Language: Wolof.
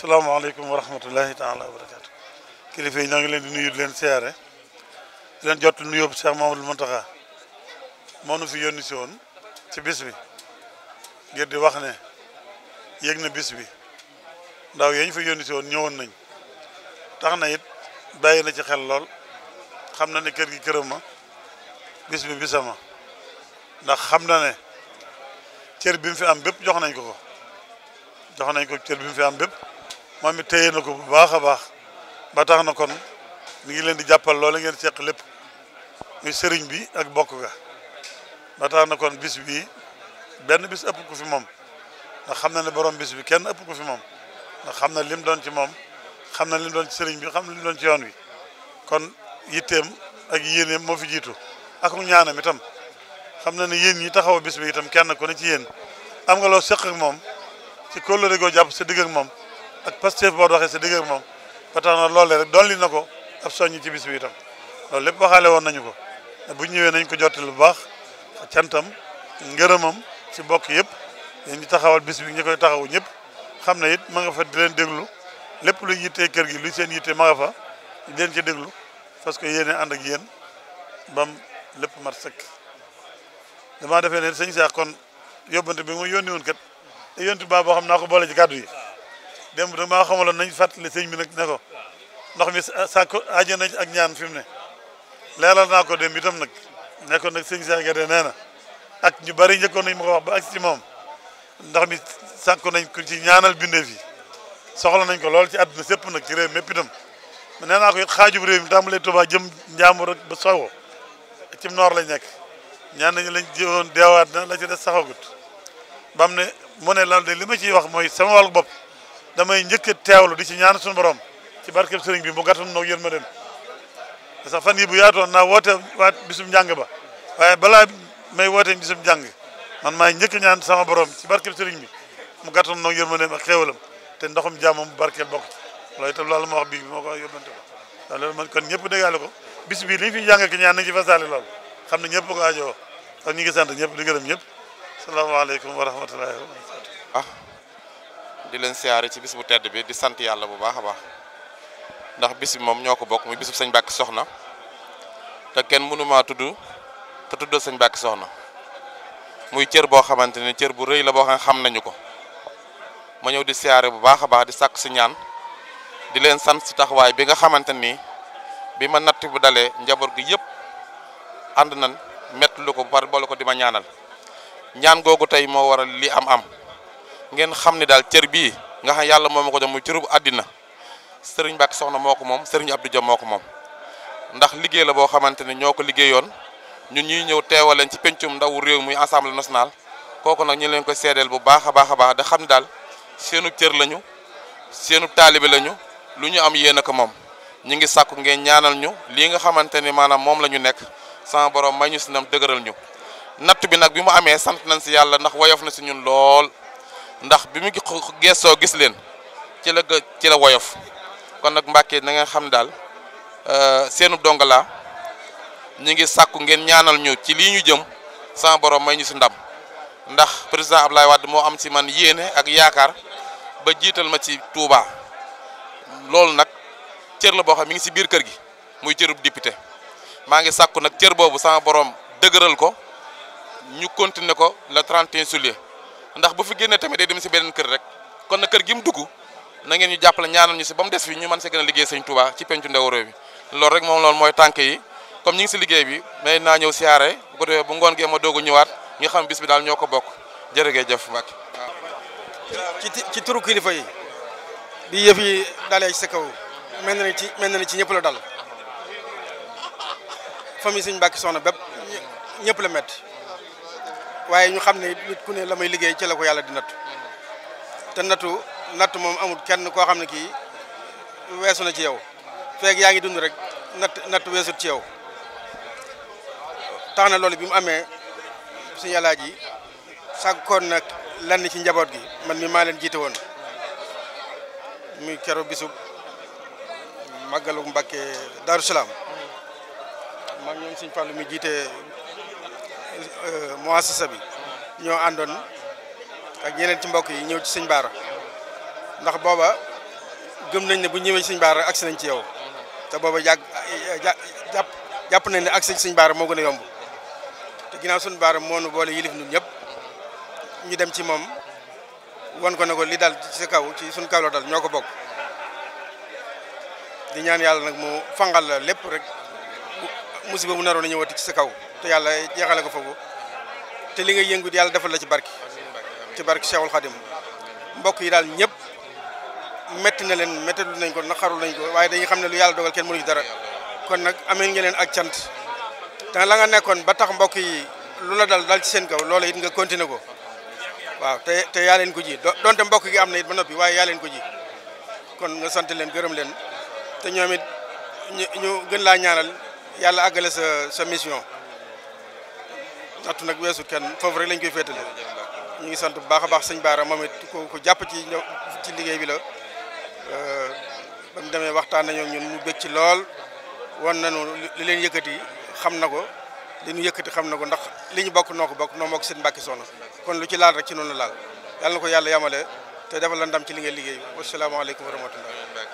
salaamaaleykum wa rahmatullahi taala wa barakaatu kilifa yi ñoo ngi leen di nuyu leen siyaare leen jot nuyoo bu Cheikh Mamadou Mountakha moo nu fi yónni woon ci bis bi ngir di wax ne yëg na bis bi ndaw yañ fi yónni woon ñëwoon nañ tax na it bàyyi na ci xel lool xam na ne kër gi këram ma bis bi bisama ndax xam na ne cër bi fi am bépp jox nañ ko ko jox nañ ko cër bi mu fi am bépp moom it téye na ko bu baax a baax ba tax na kon mi ngi leen di jàppal loola ngeen seq lépp muy sëriñ bi ak bokk ga ba tax na kon bis bi benn bis ëpp ko fi moom ndax xam na ne borom bis bi kenn ëpp ko fi moom ndax xam na lim doon ci moom xam na lim doon ci sëriñ bi xam na lim doon ci yoon bi kon yitteem ak yéeneem moo fi jiitu ak ñaanam itam xam na ni yéen ñi taxaw bis bi itam kenn ko ne ci yéen am nga loo seq ak moom ci kóllëre goo jàpp sa digg moom ak Pastef boo doxee sa digg ak moom ba tax na loolee rek dolli na ko ab soññi ci bis bi itam loolu lépp waxaale woon nañu ko bu ñëwee nañ ko jottali bu baax cantam moom ci bokk yëpp ñu taxawal bis bi ñu koy taxawu ñëpp xam na it ma nga fa di leen déglu lépp lu yittee kër gi luy seen yittee ma fa di leen ci déglu parce que yéene ànd ak yéen bam lépp mat sëkk damaa defee ne sëñ Cheikh kon yóbbante bi mu yónni woon kat te baa boo xam naa ko boole ci kàddu yi démb nag maa xamaloon nañ fàttali sëñ bi nag ne ko ndox mi sàkku aajo nañ ak ñaan fi mu ne leeral naa ko démb itam nag ne ko nag sëñ Cheikh Guédé nee ak ñu bari njëkkoon nañ ma ko wax ci moom ndox mi sàkku nañ ko ci ñaanal bindeef nañ ko lool ci àdduna sépp nag ci réew mépp itam nee naa ko it xaajub réew mi tàmbalee Tuubaa jëm njaamu rek ba sow ci noor lañ nekk ñaan nañ lañ jiwoon deewaat na la ci des saxagut bam ne mu ne loolu de li ma ciy wax mooy sama wàllu bopp damay njëkk a teewlu di si ñaan suñu borom ci barkeb sëriñ bi mu gàttal noo yërmandeem sax fan yi bu yaatoon naa woote waat bisum njàng ba waaye balaa may woote bisum njàng man maay njëkk ñaan sama borom si barkeb sëriñ bi mu gàttal noo yërmandeem ak xéewalam te ndoxum jàmmam bu barkeel bokk ci loolu itam loolu ma wax bii bi ma ko yóbbante ko loolu man ñëpp déggaale ko bis bii li fi jàng ki ñaan nañu ci fasaale loolu xam ne ñëpp ko aajowoo kon ñu ngi sant ñëpp di gërëm ñëpp salaamaaleykum wa rahmatullahi wa barakatuh ah. di leen siyaare ci bis bu tedd bi di sant yàlla bu baax a baax ndax bis bi moom ñoo ko bokk muy bisub sëñ Mbàkke Soxna te kenn mënumaa tudd te tuddal sëñ Mbàkke Soxna muy cër boo xamante ne cër bu rëy la boo xam nañu ko ma ñëw di siyaare bu baax a baax di sàkk si ñaan di leen sant si taxawaay bi nga xamante ni bi ma natt bu dalee njaboot gi yëpp ànd nañ mettlu ko par boole ko di ma ñaanal ñaan googu tey moo waral li am am ngeen xam ne daal cër bii nga xam yàlla moom ma ko jox muy cërub àddina sëriñ Mbàkke soxna moo ko moom sëriñ Abdou Dia moo ko moom ndax liggéey la boo xamante ne ñoo ko liggéeyoon ñun ñuy ñëw teewal leen ci pencum ndawu réew muy assemblée nationale kooku nag ñu leen ko seedeel bu baax a baax a baax da xam ne daal seenu cër lañu seenu taalibe lañu lu ñu am yéen a ko moom ñu ngi sàkku ngeen ñaanal ñu lii nga xamante ni maanaam moom la ñu nekk sama borom may ñu si nam dëgëral ñu natt amee sant nañ si yàlla ndax woyof na si ñun lool ndax bi mu geesoo gis leen ci la ci la woyof kon nag Mbàkke na nga xam daal euh, seenu dong laa ñu ngi sàkku ngeen ñaanal ñu ci lii ñu jëm sama borom may ñu si ndam ndax président Abdoulaye Wade moo am ci man yéene ak yaakaar ba jiital ma ci Touba loolu nag cër la boo xam mi ngi si biir kër gi muy cërub député maa ngi sàkku nag cër boobu sama borom dëgëral ko ñu continuer ko le 31 juillet. ndax bu fi génnee tamit day dem si beneen kër rek kon na kër gi mu dugg na ngeen ñu jàppale ñaanal ñu si ba mu des fi ñu man see gën a liggéey sëñ Touba ci pencu ndaw réew mi loolu rek moom lool mooy tànk yi comme ñi ngi si liggéey bi may naa ñëw siyaare bu ko defee bu ngoon gee ma doog a ñëwaat nga xam bis bi daal ñoo ko bokk jërëjëf Mbacke ci ci turu kilifa yi bi yëf yi dalee ci sa kaw mel na ci mel na ni ci ñëpp la dal famille sëñ Mbacke soxna bépp ñëpp la métti waaye ñu xam ne nit ku ne la may liggéey ci ko yàlla di natt te nattu natt moom amul kenn koo xam ne kii weesu na ci yow feeg yaa ngi dund rek natt natt weesut ci yow tax na loolu bi mu amee suñu alaaji yi sàkkoon nag lenn ci njaboot gi man mi maa leen jiite woon muy kero bisub màggalu Mbàkke Daaru Salaam man ñoom suñ fàllu mi jiite Euh, muassasa bi ñoo àndoon ak yeneen ci mbokk yi ñëw ci sëñ baar ndax booba gëm nañ ne bu ñëwee ci sëñ Baara agsi nañ ci yow te booba yàgg jàpp jàpp nañ ne agsi ci sëñ Baara moo gën a yomb te ginnaaw suñu Baara moo nu boole yilif ñun ñëpp ñu dem ci moom won ko ne ko li dal ci kaw ci suñ kaw la dal ñoo ko bokk di ñaan yàlla nag mu fangal la lépp musiba mu naroon a ñëwati ci sa kaw te yàlla jeexale ko foofu te li nga yëngut yàlla defal la ci barki ci barki Cheikhul Khadim mbokk yi daal ñëpp métti na leen méttalu nañ ko naqarul nañ ko waaye dañuy xam ne lu yàlla dogal kenn mënu ci dara kon nag ameen ngeen leen ak cant te la nga nekkoon ba tax mbokk yi lu la dal dal ci seen kaw loola yit nga continuer ko waaw te te yaa leen ko ji donte mbokk gi am na it ba noppi waaye yaa leen ko ji kon nga sant leen gërëm leen te ñoo it ñu gën laa ñaanal yàlla àggale sa sa mission nattu nag weesu kenn foofu rek lañ koy féetale ñu ngi sant bu baax a baax sëñ Baara moom it ku ku jàpp ci ci liggéey bi la ba mu demee waxtaan nañoo ñun ñu bëgg ci lool wan nañu li leen yëkkati xam na ko li ñu yëkkati xam na ko ndax li ñu bokk noo ko bokk noo bokk seen mbàkki soxna kon lu ci laal rek ci noonu laal yàlla na ko yàlla yamale te defal la ndam ci li nga liggéey bi wasalaamaaleykum wa rahmatullah